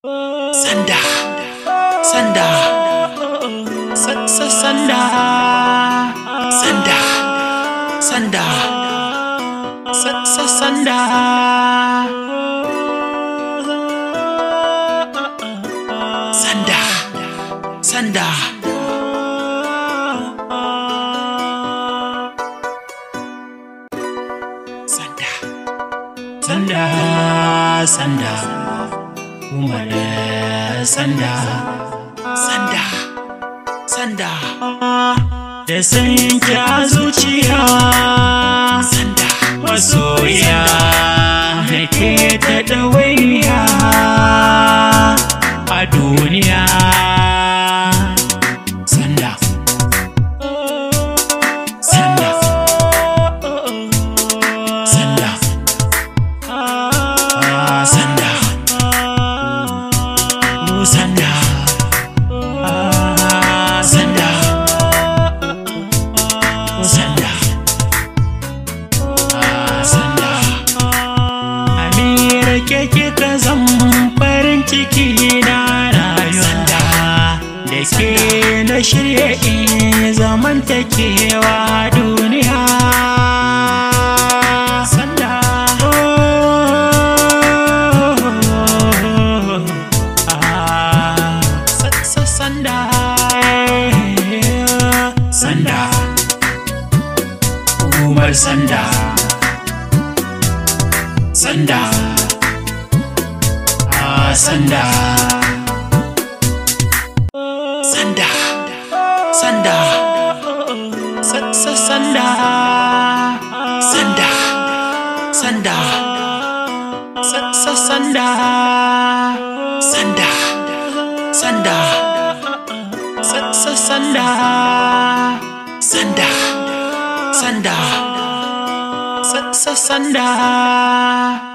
Sanda, sanda, Sandah Sandah sanda, sanda, sanda, Sandah Sandah sanda. Sanda, sanda. Sanda, sanda, sanda. da sanda sanda sanda da sanki a zuciya sanda masoya nake ta ɗawainiya a duniya sanda sanda amira ke kika zan farin ciki na rayuwa da ke na shirya in zamantakewa duniya sanda Umar Sanda Sanda ah, Sanda Sanda Sanda Sanda Sanda Sanda Sanda Sanda Sanda Sanda Sanda Sanda Sasanda. Sasanda.